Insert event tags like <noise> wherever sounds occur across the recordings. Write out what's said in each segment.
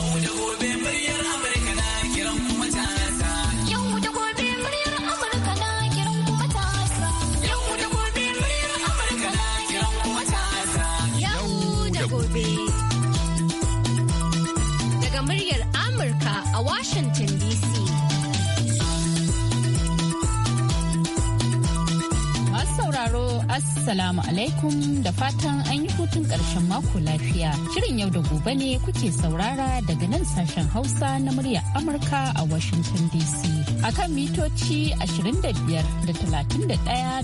Yau gobe. Assalamu alaikum da fatan an yi hutun ƙarshen mako lafiya. Shirin yau da gobe ne kuke saurara daga nan sashen Hausa na muryar Amurka a Washington DC. a kan mitoci 25 da 31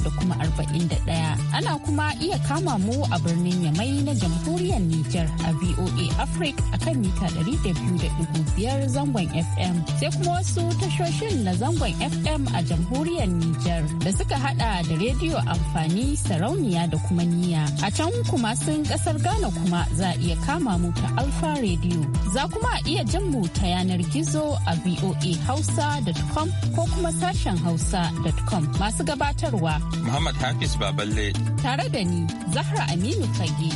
da kuma 41. Ana kuma iya kama mu a birnin Yamai na jamhuriyar Nijar a VOA Africa a kan mita 200.5 zangon FM. Sai kuma wasu tashoshin na zangon FM a jamhuriyar Nijar da suka hada da rediyo amfani sarau sarauniya da kuma niya. A can kuma sun kasar Ghana kuma za a iya kama mu ta Alfa Radio. Za kuma a iya jin mu ta yanar gizo a VOA Hausa.com ko kuma sashen Hausa.com masu gabatarwa. Muhammad Hafiz Baballe. Tare da ni Zahra Aminu Kage.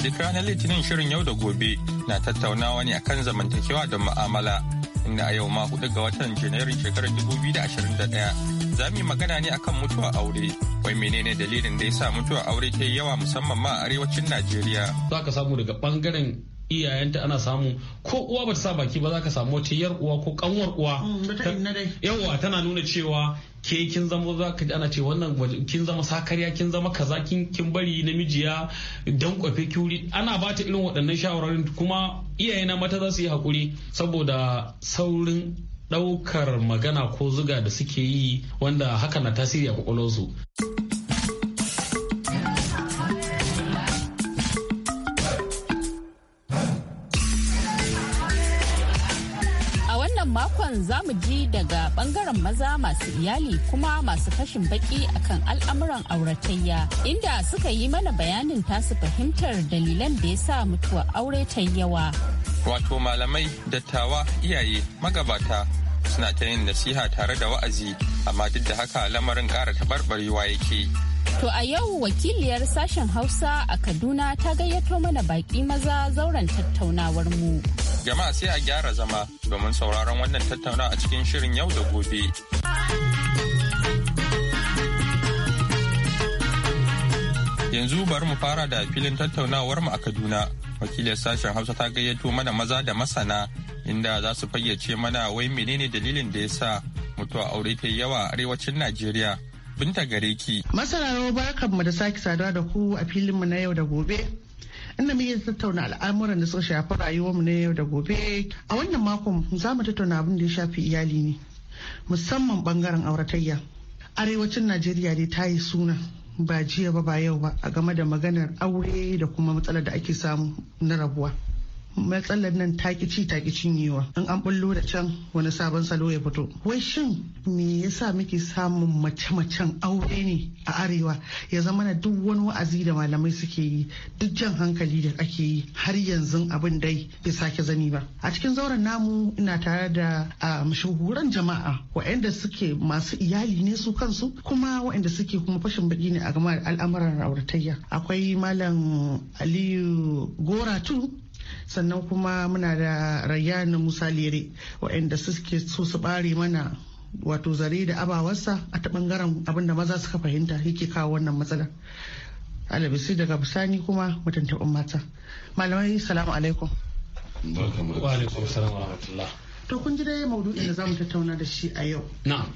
duk ranar litinin shirin yau da gobe na tattaunawa ne akan zamantakewa da mu'amala inda a yau ma hudu ga watan janairun shekarar 2021 za mu yi magana ne akan mutuwa aure wai menene dalilin da ya sa mutuwa aure ta yawa musamman ma a arewacin najeriya za ka samu daga bangaren iyayenta ana samu ko uwa bata sa baki ba za ka samu wata yar uwa ko kanwar uwa mm, yawa tana nuna cewa ke kin zama za ka ana ce wannan kin zama sakarya kin zama kaza kin kin bari namiji ya dan kwafe kyuri ana ba ta irin waɗannan shawararin kuma iyaye na mata za su yi hakuri saboda saurin ɗaukar magana ko zuga da suke yi wanda haka na tasiri a kwakwalwarsu. shirin za mu ji daga bangaren maza masu iyali kuma masu fashin baki akan al'amuran auratayya inda suka yi mana bayanin tasu fahimtar dalilan da ya sa mutuwa aure ta yawa. Wato malamai, dattawa, iyaye, magabata suna ta yin nasiha tare da wa'azi amma duk da haka lamarin ƙara taɓarɓarewa yake. To a yau wakiliyar sashen Hausa a Kaduna ta gayyato mana baki maza zauren tattaunawar mu. Jama'a sai a gyara zama domin sauraron wannan tattauna a cikin shirin yau da gobe. Yanzu bari mu fara da filin tattaunawar mu a Kaduna. Wakiliyar sashen Hausa ta gayyato mana maza da masana inda za su fayyace mana wai menene dalilin da ya sa mutuwa aure ta yawa a arewacin Najeriya. binta gare ki. Masararo mu da sake saduwa da ku a filin mu na yau da gobe. inda muke tattauna al'amuran da suka shafi mu na yau da gobe a wannan makon za mu tattauna abin da ya shafi iyali ne musamman bangaren auratayya arewacin najeriya dai ta yi suna ba jiya ba ba yau ba a game da maganar aure da kuma matsalar da ake samu na rabuwa matsalar nan takici takicin yiwa in an bullo da can wani sabon salo ya fito wai shin me yasa muke samun mace-macen aure ne a arewa ya zama na duk wani wa'azi da malamai suke yi duk jan hankali da ake yi har yanzu abin dai bai sake zani ba a cikin zauren namu ina tare da mashahuran um, jama'a wa'anda suke masu iyali ne su kansu kuma wa'anda suke kuma fashin baki ne a game al'amuran auratayya akwai malam aliyu goratu sannan kuma muna da rayyana musa lere waɗanda suke so su bare mana wato zare da abawarsa a ta bangaren abin da maza suka fahimta yake kawo wannan matsala. alabisi daga bisani kuma mutuntaɓin mata malamai salamu alaikum to kun ji dai maudu'in da mu tattauna da shi a yau Na.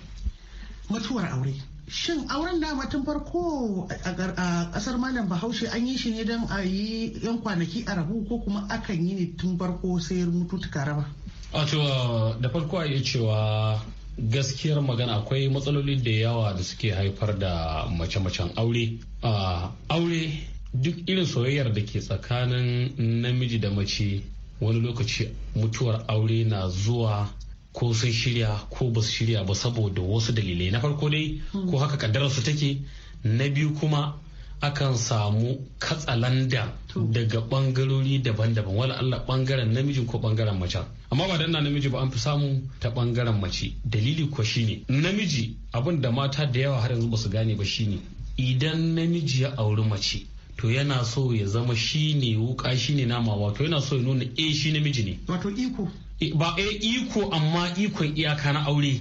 mutuwar aure shin auren da tun farko a kasar malam bahaushe an yi shi ne don a yi yan kwanaki a rabu ko kuma akan yi ne tun farko sai mutu ta raba wato da farko a iya cewa gaskiyar magana akwai matsaloli da yawa da suke haifar da mace-macen aure A aure duk irin soyayyar da ke tsakanin namiji da mace wani lokaci mutuwar aure na zuwa ko sun shirya ko ba su shirya ba saboda wasu dalilai na farko dai hmm. ko haka kaddararsu take na biyu kuma akan samu katsalanda daga bangarori daban-daban wala Allah bangaren namiji ko bangaren mace amma ba danna namiji ba an fi samu ta bangaren mace dalili ko shine namiji abin da mata da yawa har yanzu ba su gane ba shine idan namiji ya auri mace to yana so ya zama shi ne wuka shi ne nama wato yana so ya nuna e shi namiji ne wato iko ba a iko amma ikon iyaka na aure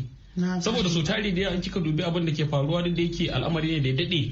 saboda so tari da an kika dubi abin da ke faruwa duk da yake al'amari ne da ya dade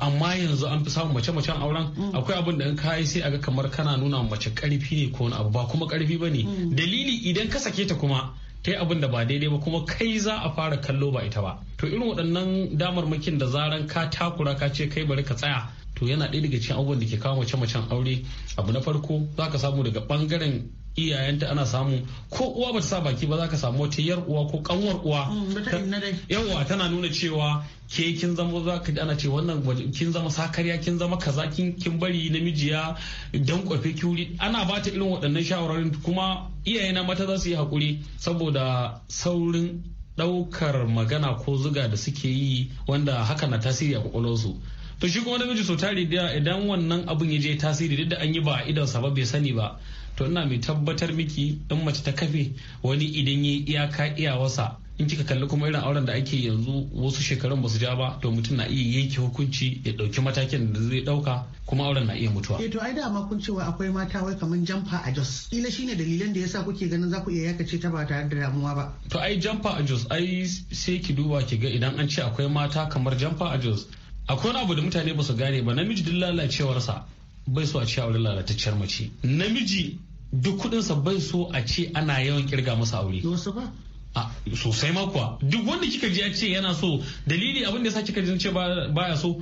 amma yanzu an fi samun mace macen auren mm. akwai abin da in kayi sai aga kamar kana nuna mace karfi ne ko abu ba kuma karfi ba ne mm. dalili idan ka sake ta kuma ta yi abin da ba daidai ba kuma kai za a fara kallo ba ita ba to irin waɗannan damarmakin da zaran ka takura ka ce kai bari ka tsaya to yana ɗaya daga cikin abubuwan da ke kawo mace-macen aure abu na farko za ka samu daga ɓangaren iyayenta ana samu ko uwa bata sa baki ba za ka samu wata yar uwa ko kanwar uwa mm, yawa tana nuna cewa ke kin zama za ka ana ce wannan kin zama sakarya kin zama kaza kin bari namiji ya dan kwafe kyuri ana ba ta irin waɗannan shawararin kuma na mata za su yi hakuri saboda saurin ɗaukar magana ko zuga da suke yi wanda haka na tasiri a kwakwalwarsu to shi kuma namiji so tare da idan wannan abun ya je tasiri duk da an yi ba a idan sa ba bai sani ba to ina mai tabbatar miki in mace ta kafe wani idan ya iyaka iyawarsa in kika kalli kuma irin auren da ake yanzu wasu shekarun basu ja ba to mutum na iya yanke hukunci ya dauki matakin da zai ɗauka kuma auren na iya mutuwa. Eh to ai dama kun cewa akwai mata wai kamar jamfa a jos ila shine dalilan da yasa kuke ganin za ku iya yakace ta ba tare da damuwa ba. to ai jamfa a jos ai sai ki duba ki ga idan an ce akwai mata kamar jamfa a jos akwai wani abu da mutane basu gane ba namiji duk lalacewarsa bai so a ce auren lalatacciyar mace namiji duk sa bai so a ce ana yawan kirga masa aure ba. sosai ma duk wanda kika ji ya ce yana so dalili abin da ya sa kika ji ce baya so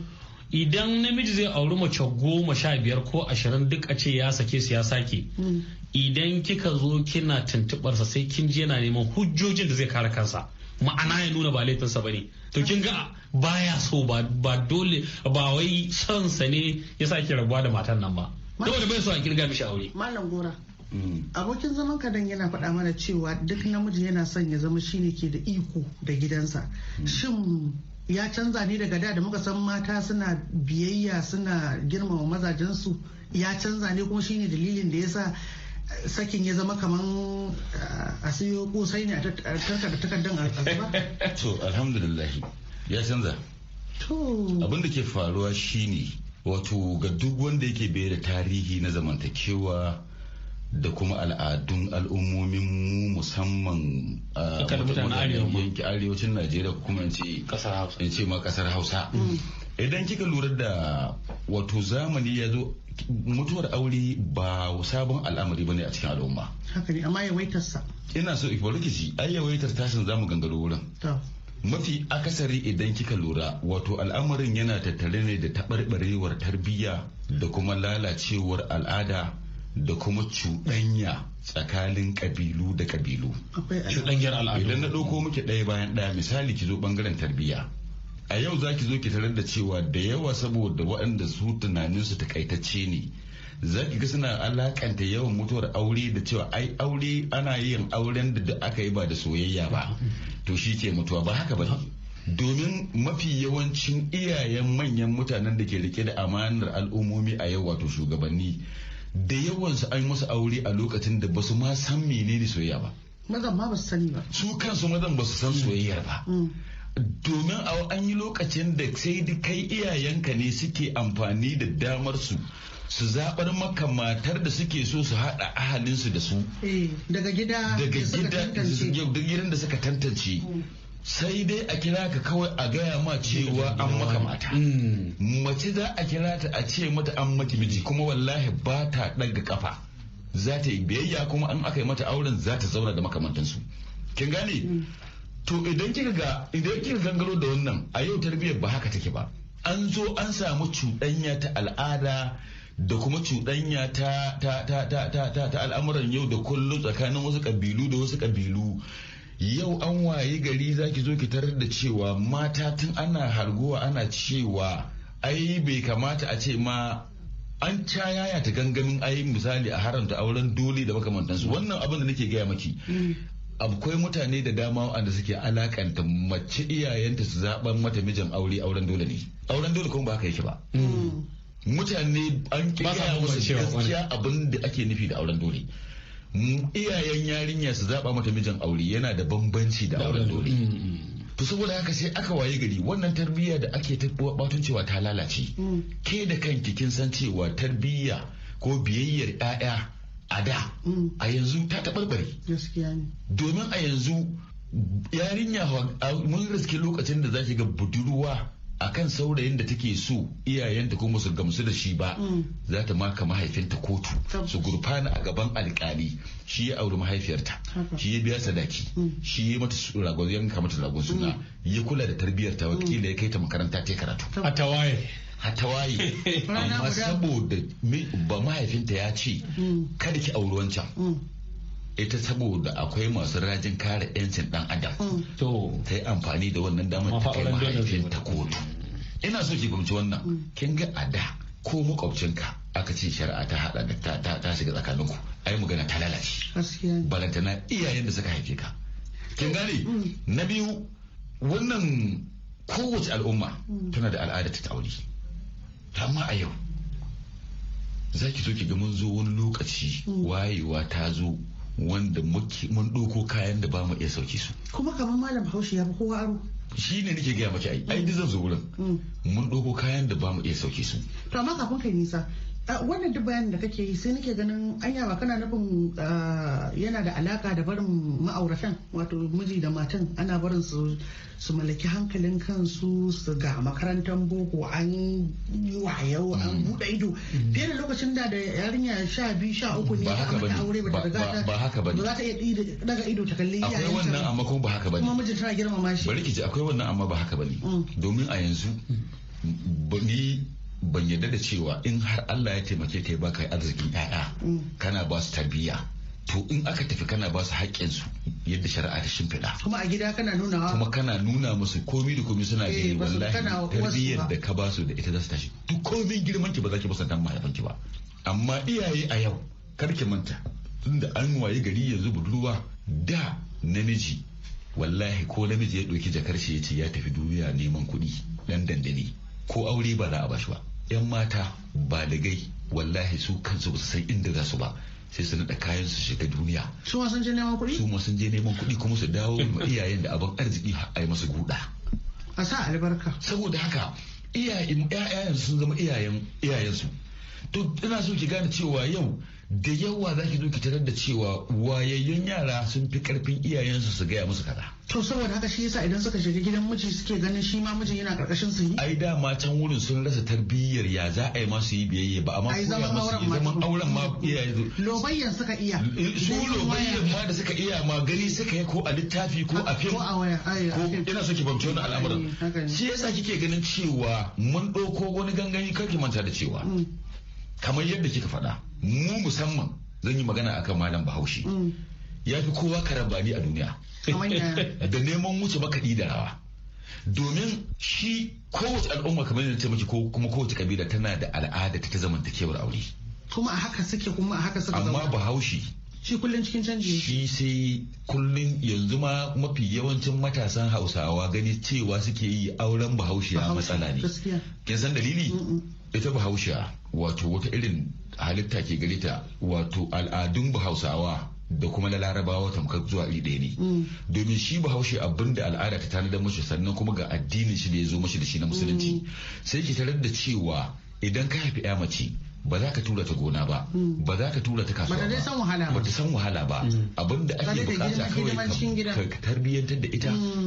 idan namiji zai auri mace goma sha biyar ko ashirin duk a ce ya sake su ya sake hmm. idan kika zo kina tuntuɓarsa sai kin je yana neman hujjojin da zai kare kansa ma'ana ya nuna ba laifinsa ba ne to kin ga baya so ba dole ba wai son sa ne yasa sa ki rabuwa da matan nan ba Dole bai so a kirga mishi aure malam gora Mm. abokin zaman kadan yana faɗa mana cewa duk namiji yana son ya zama shine ke da iko da gidansa mm. shin ya canza ne daga da da muka san mata suna biyayya suna girmama mazajensu ya canza ne kuma shine dalilin da yasa eh, sakin ya zama kaman eh, a siyo kosai ne a da takardan a <laughs> to alhamdulillah ya canza abin da ke faruwa shine wato ga duk wanda yake bayar da tarihi na zamantakewa da kuma al'adun al'ummomin mu musamman ah, yanki arewacin najeriya kuma in ce ma kasar hausa mm. idan kika lura da wato zamani ya zo mutuwar aure ba sabon al'amari bane a cikin al'umma haka ne amma sa. ina so bari ki ji ai yawaitar tashin zamu gangaro wurin mafi akasari idan kika lura wato al'amarin yana tattare ne da taɓarɓarewar tarbiyya da kuma lalacewar al'ada da kuma cuɗanya tsakanin ƙabilu da kabilu. Cuɗanyar al'adu. Idan na ɗauko muke ɗaya bayan ɗaya misali ki zo ɓangaren tarbiyya. A yau za ki zo ki tarar da cewa da yawa saboda waɗanda su tunaninsu takaitacce ne. za ki ga suna alakanta yawan mutuwar aure da cewa ai aure ana yin auren da aka yi ba da soyayya ba to shi ke mutuwa ba haka ba ne domin mafi yawancin iyayen manyan mutanen da ke rike da amanar al'ummomi a yau wato shugabanni da yawansu an musu aure a lokacin da basu ma san menene soyayya ba mazan ma ba su sani ba su kansu mazan ba su san mm. soyayyar ba mm. domin a an yi lokacin da sai kai iyayenka ne suke amfani da damar su su zaɓar maka matar da suke so su haɗa ahalinsu da su eh, daga gida daga gidan da suka tantance mm. sai dai a kira ka kawai a gaya ma cewa an maka mata mm. mace za a kira ta a ce mata an maki miji kuma wallahi ba ta ɗaga kafa za ta yi biyayya kuma an aka yi mata auren za ta zauna da makamantansu kin gane mm. to idan kika ga idan kika gangaro da wannan a yau tarbiyyar ba haka take ba an zo an samu cuɗanya ta al'ada da kuma cuɗanya ta al'amuran yau da kullum tsakanin wasu kabilu da wasu kabilu yau an waye gari zaki zo ki tarar da cewa mata tun ana harguwa ana cewa ai bai kamata a ce ma an cayaya ta gangamin ai misali a haramta auren dole da makamantansu wannan abin da nake gaya maki akwai mutane da dama wanda suke alakanta mace iyayenta su zaben mata mijin aure auren dole ne auren dole kuma ba haka yake ba mm. mutane an kiyaye musu gaskiya abin da ake nufi da auren dole iyayen yarinya su zaba mata mijin aure yana da bambanci da auren dole mm, mm. to saboda haka sai aka waye gari wannan tarbiyya da ake batun cewa ta lalace mm. ke da kanki kin san cewa tarbiyya ko biyayyar 'ya'ya a da a yanzu ta taɓarɓare domin a yanzu yarinya mun riske lokacin da za ki ga budurwa akan saurayin da take so iyayenta ko su gamsu da shi ba mm. za ta maka mahaifinta kotu su gurfana a gaban alkali shi ya auri mahaifiyarta shi ya biya sadaki mm. shi ya mata ragon yanka mata ragon suna mm. ya kula da tarbiyarta wakila ya kai ta makaranta ta karatu a tawaye <laughs> a tawaye amma saboda ba mahaifinta ya ce kada ki auri wancan ita saboda akwai masu rajin kare 'yancin dan adam mm. ta yi amfani da wannan damar ta kai mahaifin ta kotu ina so ki gamci wannan mm. kin ga a da ko makwabcinka aka ce shari'a ta hada da ta shiga tsakaninku ai magana ta lalace na iyayen da suka haife ka kin gane mm. na biyu wannan kowace al'umma tana da al'ada ta aure amma a yau za ki zo ki ga mun zo wani lokaci wayewa ta zo wanda mun ɗoko kayan da ba mu iya sauki su kuma kamar malam haushi ya fi kowa aro shi ne nake gaya maki ai ai zan zo wurin mm. mun ɗauko kayan da ba mu iya sauki su to amma kafin kai nisa wannan duk bayanin da kake yi sai nake ganin anya ba kana nufin ah, yana da alaka da barin ma'auratan wato miji da matan ana barin su su mallaki hankalin kansu su ga makarantar boko an yi wayo an mm. buɗe ido mm. fiye da lokacin da da yarinya sha biyu sha uku ne a mata aure ba ta ba haka ba za ta iya daga ido ta kalli iyayen akwai wannan amma kuma ba haka ba kuma mijin tana girmama shi bari ki ji akwai wannan amma ba haka ba ne mm. domin a yanzu ni ban yarda da cewa in har Allah ya taimake ta baka arzikin yaya mm. kana ba su tarbiyya to in aka tafi kana ba su haƙƙin su yadda shari'a ta shimfiɗa kuma a gida kana nuna kuma kana nuna musu komi da komi suna gani eh, wallahi tarbiyyar da ka ba su da ita za su tashi duk komin girman ki ba za ki musa dan mahaifanki ba amma iyaye a yau kar ki manta tunda an waye gari yanzu budurwa da namiji wallahi ko namiji ya ɗauki jakar shi ya ce ya tafi duniya neman kuɗi dan dandane ko aure ba za a bashi ba yan mata ba gai wallahi su kansu ba su san inda za su ba sai su naɗa kayan su shiga duniya su ma sun je neman kuɗi su ma sun je neman kuɗi kuma su dawo ma <laughs> iyayen da abin arziki a yi masu guda a sa albarka saboda haka iyayen sun zama iyayen iyayen su to ina so ki gane cewa yau da yawa za ki zo ki tarar da cewa wayayyun yara sun fi karfin iyayensu su gaya musu kaza. To saboda haka shi yasa idan suka shiga gidan miji suke ganin shi ma mijin yana karkashin su yi. Ai da ma can wurin sun rasa tarbiyyar ya za a yi masu yi biyayya ba amma koya masu yi zaman auren ma iyaye zo. Lobayyan suka iya. Su lobayyan ma da suka iya ma gani suka yi ko a littafi ko a fim. Ko a waya. Ko ina so ki bamce wani al'amarin. Shi yasa kike ganin cewa mun ɗauko wani gangami kar ki manta da cewa. Mm. kamar yadda kika faɗa mu musamman zan yi magana akan malam bahaushe mm. ya fi kowa karambani a duniya <laughs> da neman wuce makaɗi da rawa domin shi kowace al'umma kamar yadda ce miki ko kuma kowace kabila tana da al'ada ta zamantakewar aure kuma a haka suke kuma a haka suka amma bahaushe shi kullum cikin canji shi sai kullum yanzu ma mafi yawancin matasan hausawa gani cewa suke yi auren bahaushe a matsala ne kin san dalili ita bahaushe wato wata irin halitta ke gare ta wato al'adun Bahausawa da kuma na larabawa tamkar zuwa iri ɗaya ne mm. domin shi bahaushe abin da al'ada ta tanadar mashi sannan kuma ga addinin shi da ya zo mashi da shi na musulunci mm. sai ki tarar da cewa idan ka haifi ya mace ba za ka tura ta gona ba hmm. ba za ka tura ta kasuwa ba ba ta san wahala ba hmm. abinda ake bukata kawai ka tarbiyyantar da ita hmm.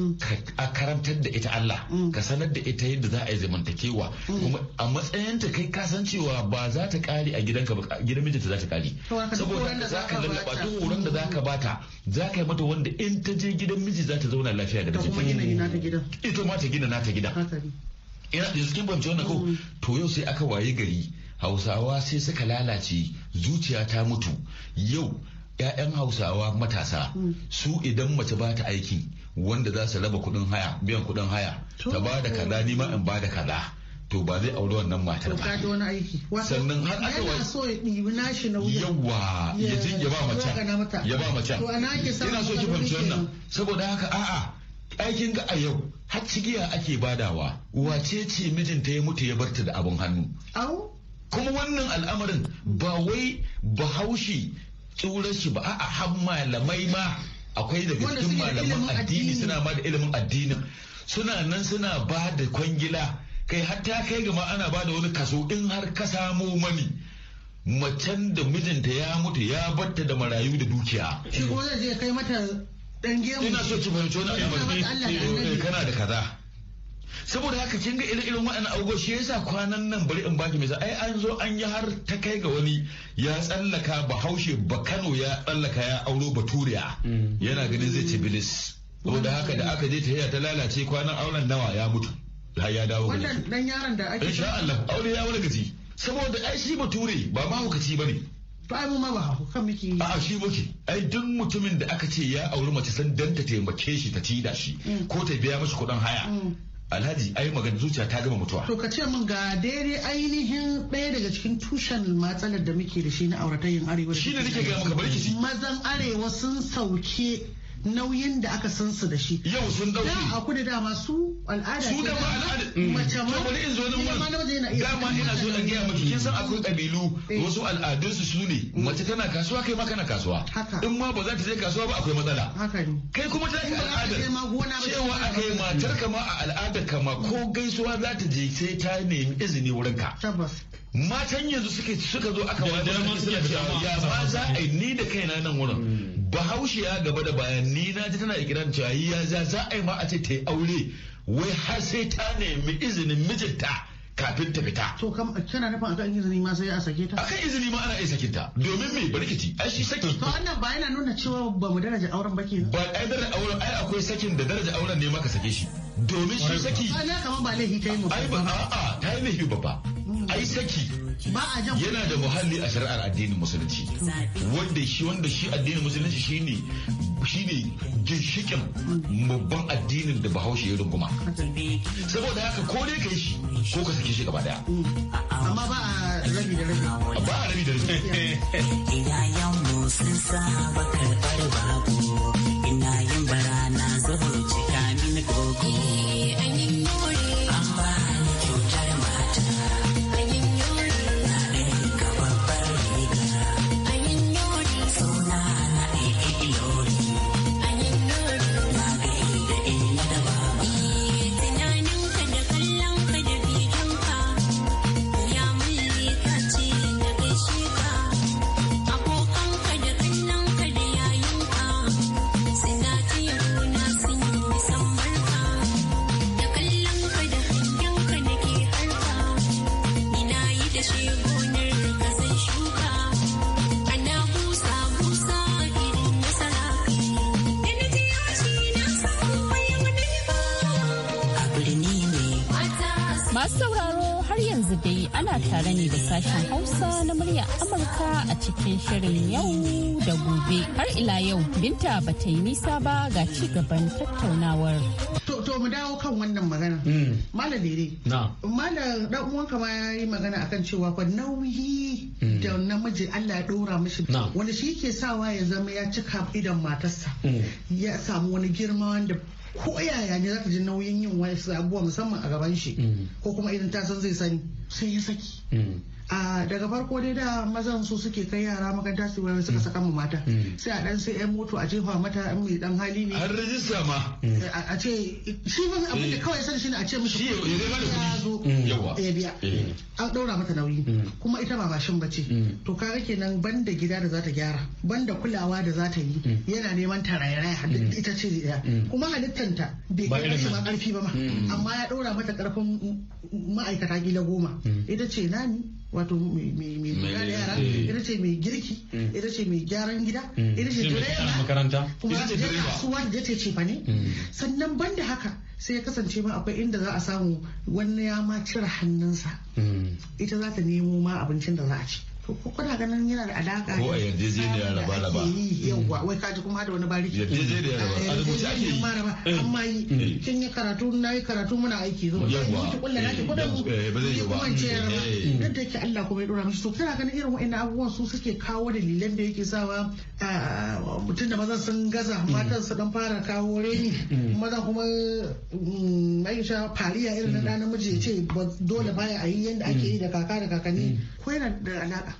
A karantar da ita Allah ka sanar da ita yadda za a yi zamantakewa kuma a matsayinta kai ka san cewa ba za ta kare a gidanka ba gidan mijinta za ta kare saboda za ka lallaba duk wurin da za ka bata za ka yi mata wanda in ta je gidan miji za ta zauna lafiya da mijinta ita ma ta gina na ta gida ina da cikin bamce wannan ko to yau sai aka waye gari hausawa sai suka lalace zuciya ta mutu yau 'ya'yan hausawa matasa mm. su idan mace ba ta aiki wanda za su raba kudin haya biyan kudin haya ta ba da kaza nima in ba da kaza to ba zai auri wannan matar ba sannan har aka wani so ya ɗibi nashi na wuya yawa ya ya ba macen ya ba macen ina so ki fahimci wannan saboda haka a'a aikin ga a yau har cigiya ake badawa wace ce mijinta ya mutu ya barta da abin hannu kuma wannan al'amarin ba wai bahaushe tsurar shi ba a har malamai ma akwai da gaskin malaman addini suna ma da ilimin addini suna nan suna ba da kwangila kai hatta kai gama ana ba da wani kaso in har ka samo mani macen da mijinta ya mutu ya batta da marayu da dukiya shi zai kai mata dan gemu ina so ki fahimci wani abu eh, kana da kaza saboda haka kin ga irin irin waɗannan abubuwa shi yasa kwanan nan bari in baki misali ai an zo an yi har ta kai ga wani ya tsallaka bahaushe ba Kano ya tsallaka ya auro baturiya mm. yana ganin zai ci bilis saboda haka da aka je ta ta lalace kwanan auren nawa ya mutu har ya dawo wannan dan yaron da ake insha Allah aure ya wani gaji saboda ai shi bature ba mahaukaci bane to mu ma ba kan miki a shi muke ai duk mutumin da aka ce ya auri mace san dan ta taimake shi ta ci da shi mm. ko ta biya mashi kudin haya mm. alhaji ai magana zuciya ta gama mutuwa to ka ce min ga daidai ainihin ɗaya daga cikin tushen matsalar da muke da shi na auratayyan arewa shi ne nake gaya maka barkici mazan arewa sun sauke nauyin da aka san su da shi yau sun dauki da a kudu dama su al'ada su da ma al'ada mm. mace ma wani in zo nan wani dama ina so in gaya maki kin san akwai kabilu eh. wasu al'adun su su ne mm. mace tana kasuwa kai ma kana kasuwa Haka. in ma ba za ta je kasuwa ba akwai matsala kai kuma ta yi al'ada cewa aka yi matar kama a al'adar kama ko gaisuwa za ta je sai ta nemi izini wurinka. Tabbas. matan yanzu suka zo aka wajen ya ba za a yi ni da kaina nan wurin mm. Bahaushe ya gaba da bayan ni na ji tana ikiran cewa ya za za a yi ma a ce ta yi aure wai har sai ta nemi izinin mijinta kafin ta fita. To kam kana nufin akan izini ma sai a sake ta? Akan izini ma ana iya sakinta domin me barkiti ai shi saki. To wannan ba yana nuna cewa ba mu daraja auren ba ke. Ba ai daraja auren ai akwai sakin da daraja auren ne ma ka sake shi. Domin shi saki. Ana kamar ba laifi ta yi mu. Ai ba a'a ta yi laifi babba. ai saki yana da muhalli a shari'ar addinin musulunci wanda shi wanda shi addinin musulunci shine shine ginshikin babban addinin da bahaushe ya runguma saboda haka ko dai kai shi ko ka saki shi gaba daya mm. amma ba a rabi da rabi ba a rabi da rabi iyayen sun sa bakar babu ina yau tare ne da sashen Hausa na murya Amurka a cikin shirin yau da gobe. Har ila yau Binta ba ta yi nisa ba ga ci gaban tattaunawar. To mu dawo kan wannan magana. Mala dere. Mala dan ya yi magana akan cewa fa nauyi hmm. da namiji Allah ya dora mishi. wani shi ke sawa ya zama ya cika idan matarsa. Hmm. Ya samu wani girma wanda ko yaya ne za ta ji nauyin yin wani abubuwa musamman a gaban shi mm. ko kuma idan ta san zai sani sai ya saki mm. daga farko dai da mazan su suke kai yara makaranta su wani suka hmm. saka mu mata hmm. sai a dan sai yan moto a jefa mata mai dan hali ne har rajista ma eh, a ce shi ban abin da eh. kawai san shi ne a ce mishi ya zo hmm. ya biya eh. an daura mata nauyi kuma ita ba bashin bace to ga kenan banda gida da za ta gyara banda kulawa da za ta yi yana neman ta raye-raye. duk ita ce ya kuma halittanta bai kai shi ma karfi ba ma amma ya daura mata karfin ma'aikata gila goma ita ce nani wato mai kula da yara eh. ita ce mai girki mm. ita ce mai gyaran gida mm. ita ce ba. kuma za ta je kasuwa da ta ce ne mm. sannan da haka sai ya kasance ma akwai inda za a samu wani ya ma cire hannunsa ita za ta nemo ma abincin da za a ci ko kuna ganin yana da alaka ko a yarjejeniya raba raba yawwa wai kaji kuma da wani bariki yarjejeniya raba a eh, rubuce ake yi amma yi mm. kin yi karatu na yi karatu muna aiki zo yawwa ki kulla naki kudin eh, eh, ba zai yi ba kuma ce duk da yake Allah kuma ya dora mishi to kana ganin irin wa'annan abubuwan su suke kawo dalilan da yake sawa mutum da maza sun gaza mm. matan su dan fara kawo reni mm. maza kuma Aisha fariya irin na namiji ya ce dole baya a yi yadda ake yi da kaka da kakanni ko yana da alaka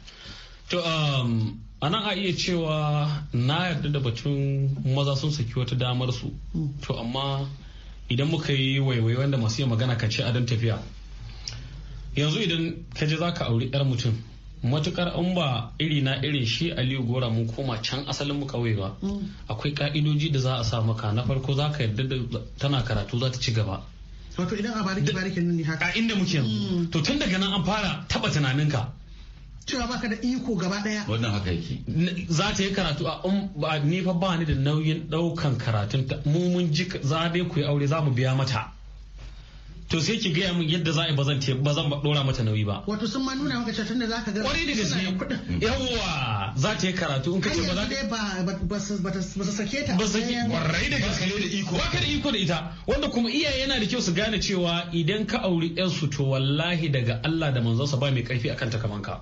To um, a nan a iya cewa na yarda da batun maza sun saki wata damar su. To amma idan muka yi waiwai wanda masu yin magana ka ce adon tafiya. Yanzu idan ka je za ka auri 'yar mutum matukar an ba iri na irin shi aliyu gora mun koma can asalin mu kawai ba akwai ka'idoji da za a sa maka na farko za ka yarda da tana karatu za ta ci gaba wato idan a bariki bariki ne haka a inda muke yanzu mm. to tun daga nan an fara taba tunaninka cewa baka da iko gaba daya wannan haka yake za ta yi karatu a um, ni fa ba ni da nauyin daukan karatun ta mu mun ji za dai ku yi aure za mu biya mata to sai ki gaya min yadda za a yi ba zan ba zan dora mata nauyi ba wato sun ma nuna maka tunda za ka ga kwarai da gaske yawa za ta yi karatu in ka ce ba za ta ba su sake ta ba sake kwarai eh, da gaske da iko ba ka da iko da ita wanda kuma iyaye yana da kyau su gane cewa idan ka auri yan su to wallahi daga Allah da manzon sa ba mai karfi akan ta kaman ka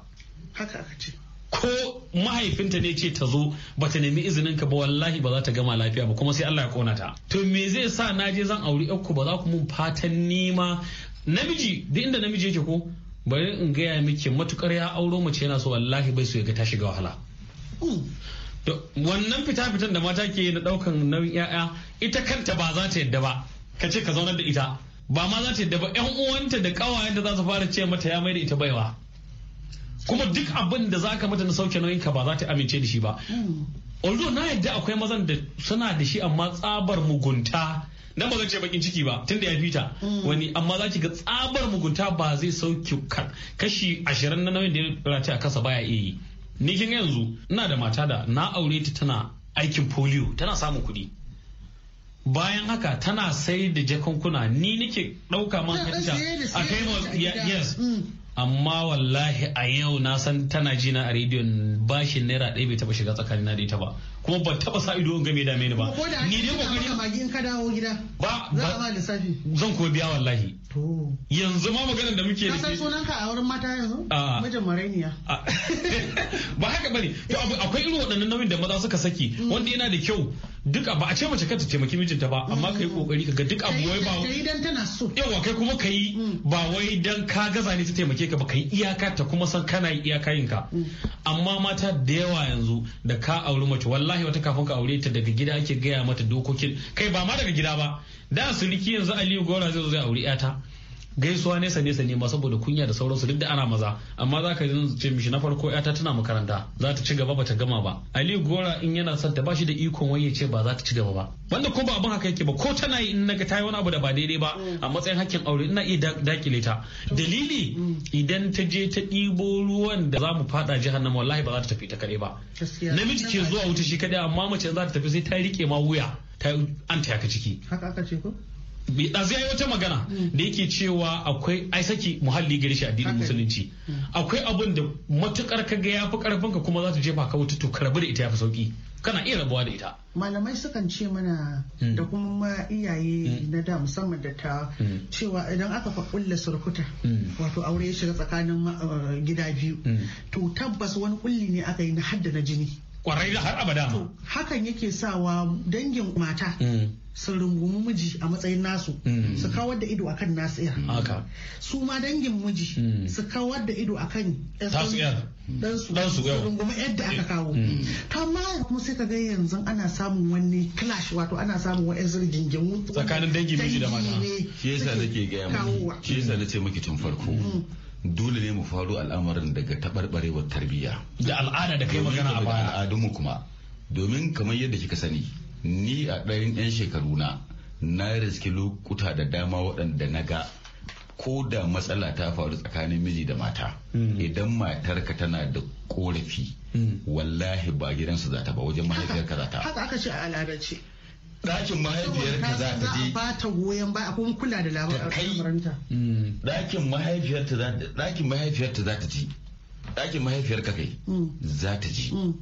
haka aka ce ko mahaifinta ne ce ta zo ba ta nemi izinin ka ba wallahi ba za ta gama lafiya ba kuma sai Allah ya kona ta to me zai sa na je zan auri ku ba za ku mun fatan nima namiji duk inda namiji yake ko bari in gaya miki matukar ya auro mace yana so wallahi bai so ya ga ta shiga wahala hmm. wannan fita fitan da mata ke na daukan nauyin yaya ita kanta ba za ta yadda ba ka ce ka zaunar da ita ba ma za ta yadda ba yan uwanta da kawayen da za su fara ce mata ya mai da ita baiwa kuma duk abin da zaka mata na sauke nauyin ka ba za ta amince da shi ba although na yadda akwai mazan da suna da shi amma tsabar mugunta Na ba zan ce bakin ciki ba tun da ya fita wani amma za ki ga tsabar mugunta ba zai sauke kashi ashirin na nauyin da ya rata a kasa baya iya yi ni kin yanzu ina da mata da na aure ta tana aikin polio tana samun kuɗi bayan haka tana sai da jakunkuna ni nake ɗauka man hanta a kai yes mm. amma wallahi a yau na san tana jina a rediyon bashin naira ɗaya bai taɓa shiga tsakanin na da ita ba ko ba taba sa ido game da mai ba ni dai kokari magi in ka dawo gida ba za ba lissafi zan ko biya wallahi yanzu ma maganar da muke da ke san sunanka a wurin mata yanzu mijin marainiya <laughs> ba haka bane to akwai irin waɗannan nauyin da maza suka saki mm. wanda yana da kyau duk ba a ce mace kanta taimaki mijinta ba amma kai kokari mm. ka ga duk abu wai ba kai dan tana so yawa kai kuma kai mm. ba wai dan ka gaza ne ta taimake ka ba kai iyaka ta kuma san kana iyakayinka amma mata da yawa yanzu da ka auri mace wallahi wallahi wata kafin ka aure ta daga gida ake gaya mata dokokin kai ba ma daga gida ba da su riki yanzu aliyu gora zai zo zai aure yata gaisuwa nesa nesa ne saboda kunya da sauransu duk da ana maza amma za ka ji ce mishi na farko ya ta tana makaranta za ta ci gaba ba ta gama ba Ali gora in yana son ta bashi da ikon wai ya ce ba za ta ci gaba ba wanda ko ba abin haka yake ba ko tana yi in naga ta yi wani abu da ba daidai ba mm. a matsayin hakkin aure ina iya dakile ta dalili mm. idan ta je ta ɗibo ruwan da za mu faɗa jahannama wallahi ba za ta tafi ta kaɗai ba namiji ke zuwa wuta shi kaɗai amma mace za ta tafi sai ta riƙe ma wuya ta an ta yaka ciki haka aka ce ko ɗazu ya yi wata magana da yake cewa akwai ai saki muhalli gari shi addinin musulunci hmm. akwai abin da matukar ka ga yafi karfin ka kuma za ta jefa ka wuta to karbi da ita yafi sauki kana iya rabuwa da ita malamai sukan ce mana hmm. da kuma iyaye hmm. na da musamman da ta cewa idan aka fa kulla surkuta wato aure ya shiga tsakanin uh, gida biyu to tabbas wani kulli ne aka yi na hadda na jini kwarai da har abada ma hakan yake sawa dangin mata mm. su rungumi miji a matsayin nasu mm. su kawar da ido akan nasu yar su ma dangin miji mm. su kawar da ido akan dansu su rungumi yadda aka kawo ta ma kuma sai ka ga yanzu ana samun wani clash wato ana samun wani zirgin tsakanin dangin miji da mata shi yasa nake gaya miki shi yasa nace miki tun farko dole ne mu faru al'amarin daga taɓarɓarewar tarbiyya da al'ada da kai magana a baya al'adunmu kuma domin kamar yadda kika sani ni a ɗayan 'yan shekaru na na riski lokuta da dama waɗanda na ga ko da matsala ta faru tsakanin miji da mata mm. idan matarka tana da ƙorafi. Mm. wallahi ba gidansu za ta ba wajen mahaifiyarka za ta haka aka ce a al'adance ɗakin mahaifiyarka mm, za ta je ba ta goyon ba akwai kula da dakin mahaifiyar mahaifiyarta za ta mahaifiyar mm. ta za ta je mahaifiyar mm. ka kai za ta je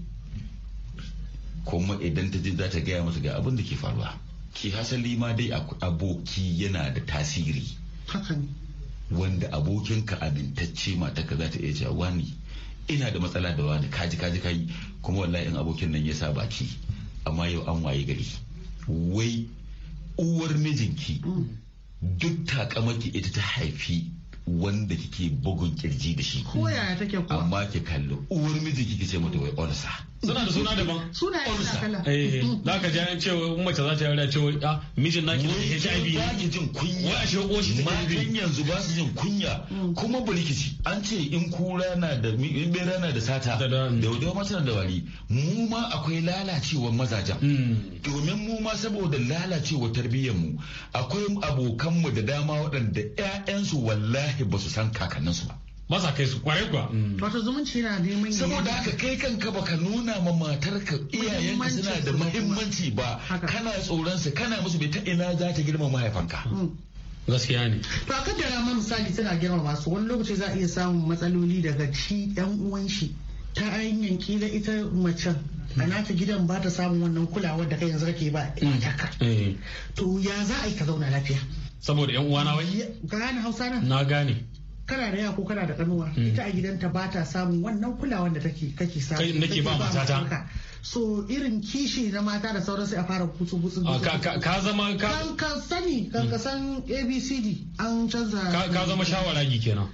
kuma idan ta je za ta gaya masa ga abin da ke faruwa ki hasali ma dai aboki yana da tasiri wanda abokinka amintacce matarka za ta iya cewa wani ina da matsala da wani kaji kaji kai kuma wallahi in abokin nan ya sa baki amma yau an waye gari wai uwar mijinki hmm. duk takamaki ita ta haifi wanda kike bugun kirji da shi. Ko yaya take kuwa? Amma ki kallo uwar mijinki ki ce mata wai onsa. suna da suna daban suna da kala eh, eh. za ka ji an cewa in ta za ta yarda cewa a ah, mijin naki da ke HIV ne ba ki jin kunya wai a shi ko shi ta matan yanzu ba su jin kunya mm. kuma bulkici an ce in kura na da in bera na da sata da wadawa masana mm. da wari mu ma akwai lalacewar mazajen mm. domin mu ma saboda lalacewar tarbiyyar mu akwai abokanmu da dama waɗanda 'ya'yansu wallahi ba su san kakanninsu ba Masa kai su kwarai kuwa. Mm. Wato zumunci yana neman yi. Saboda haka kai kanka baka nuna ma matarka iyayenka suna da muhimmanci ba kana tsoronsa kana musu bai ta ina za ta girma mahaifanka. Mm. gaskiya ne to a kaddara ma misali tana girma masu wani lokaci za a iya samun matsaloli daga shi yan uwan shi ta hanyar kila ita macen a mm. nata gidan ba ta samun wannan kulawar da kai yanzu kake ba ka eh. to ya za a yi ka zauna lafiya saboda yan uwana wai gane hausa na na gane kana da yako kana da kanuwa hmm. ita a gidanta ba ta samun wannan kulawan da take kake samu kai nake ba matata so irin kishi na mata da sauran sai a fara kutsu ah, kutsu ka zama ka ka sani kan hmm. ka san abcd an canza ka zama shawara kenan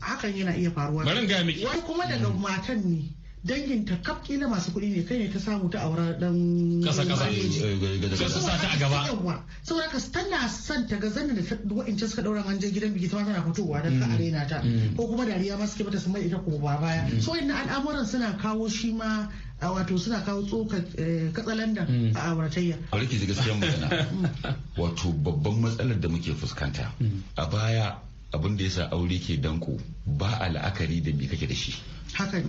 hakan yana iya faruwa bari ga miki wai kuma daga hmm. matan ne dangin ta kaf kila masu kuɗi ne kai ne ta samu ta aura dan kasa kasa ta gaba saboda ka tana son ta ga zanna da wa'ancan suka daura an je gidan biki ta tana fitowa dan ka mm. arena ta mm. ko kuma dariya ma suke bata su mai ita ko ba baya mm. so inna al'amuran suna kawo shi ma a wato suna kawo tsoka eh, katsalandan a auratayya a rike da magana wato babban matsalar da muke fuskanta a baya abin da yasa aure ke danko ba a la'akari da me kake da shi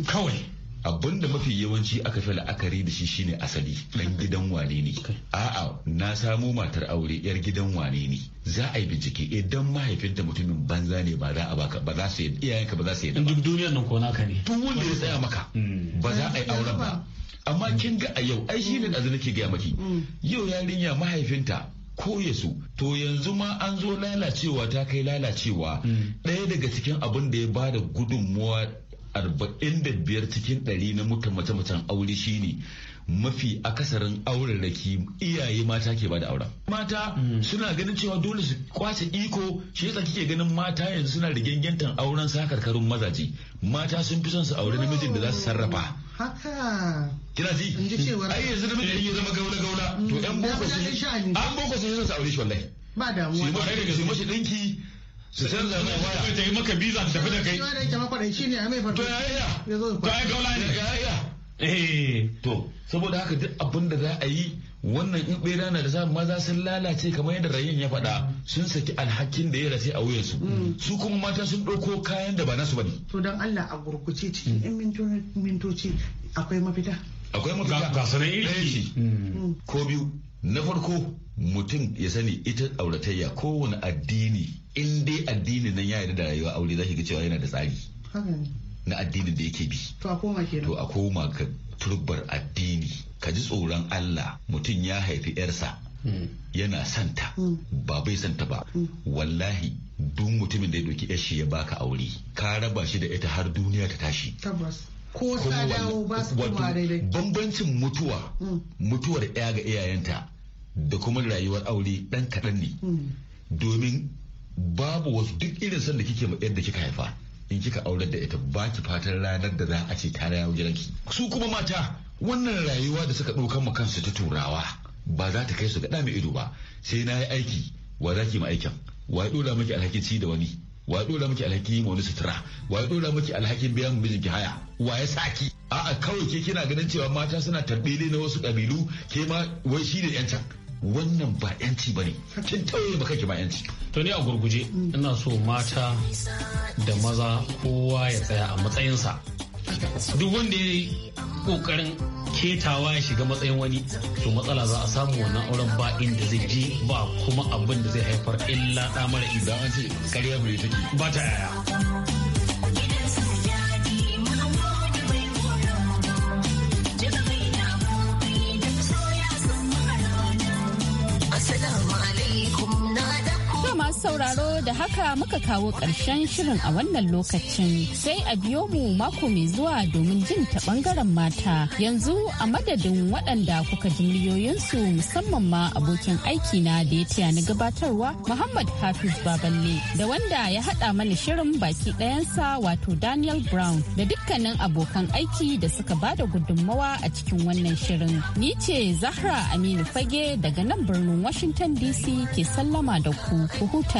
kawai abin da mafi yawanci aka fi la'akari da shi shine asali dan gidan wane ne a'a na samo matar aure yar gidan wane ne za a yi bincike idan eh, mahaifinta mutumin banza ne ba za a baka ba za su yi iyayenka ba za su yi duk duniyar nan ko naka ne duk wanda ya tsaya maka hmm. ba za a yi auren ba amma hmm. kin ga a yau ai shi ne azu nake gaya maki hmm. yau yarinya mahaifinta ko yasu to yanzu ma an zo lalacewa ta kai lalacewa ɗaya daga cikin abin da ya bada gudunmuwa arba'in da biyar cikin ɗari na muka mace-macen aure shine mafi akasarin aurarraki iyaye mata ke bada auren. Mata hmm. suna ganin cewa dole su kwace iko shi yasa kike ganin mata yanzu suna da gengentan auren sakarkarun mazaje. Mata sun fi son su aure namijin da za su sarrafa. Haka. Kina ji? Ai yanzu mijin ya zama gaula gaula. To yan hmm, boko sun an boko sun su aure shi wallahi. Ba damuwa. Su mashi dinki su canza mai waya ta yi maka biza ta tafi da kai ya ne ya mai ya ne ya eh to saboda haka duk abin da za a yi wannan in bera na da sa maza sun lalace kamar yadda rayin ya faɗa sun saki alhakin da ya race a wuyansu mm. su kuma mata sun ɗauko kayan da ba nasu bane to dan Allah a gurguce cikin yan mm. mintoci akwai mafita akwai mafita ga sanan ilki mm. ko biyu na farko mutum ya sani ita auratayya kowane addini in dai addini nan ya yarda da rayuwa aure zaki ga cewa yana da tsari na addinin da yake bi to a koma kenan to a koma ka turbar addini ka ji tsoron Allah mutum ya haifi yarsa hmm. yana santa hmm. ba bai santa ba hmm. wallahi duk mutumin da ya doki shi ya baka aure ka raba shi da ita har duniya ta tashi tabbas ko ta ba su kuma daidai bambancin mutuwa mutuwar ya ga iyayenta da kuma rayuwar aure ɗan kaɗan ne domin babu wasu duk irin san da kike yadda kika haifa in kika aurar da ita baki fatan ranar da za a ce ta rayu gidanki su kuma mata wannan rayuwa da suka ɗaukan ma kansu ta turawa ba za ta kai su gaɗa mai ido ba sai na yi aiki wa za ki ma aikin wa ya ɗora miki alhakin ci da wani wa ya ɗora miki alhakin ma wani sutura wa ya ɗora miki alhakin biyan mijinki haya wa ya saki a'a kawai ke kina ganin cewa mata suna tarbele na wasu ƙabilu ke ma wai shi ne 'yan can wannan ba yanci ba ne kin tauye ba kake ba yanci to ne a gurguje ina so mata da maza kowa ya tsaya a matsayinsa duk wanda ya yi kokarin ketawa ya shiga matsayin wani to matsala za a samu wannan auren ba inda zai je ba kuma abin da zai haifar illa ɗa mara idan an ce kariya bai take ba ta yaya sauraro da haka muka kawo ƙarshen shirin a wannan lokacin sai a biyo mu mako mai zuwa domin jin ta ɓangaren mata yanzu a madadin waɗanda kuka ji miliyoyinsu musamman ma abokin aiki na da ya tiya ni gabatarwa Muhammad Hafiz Baballe da wanda ya haɗa mana shirin baki ɗayansa wato Daniel Brown da dukkanin abokan aiki da suka bada gudunmawa a cikin wannan shirin. Ni ce Zahra Aminu Fage daga nan birnin Washington DC ke sallama da ku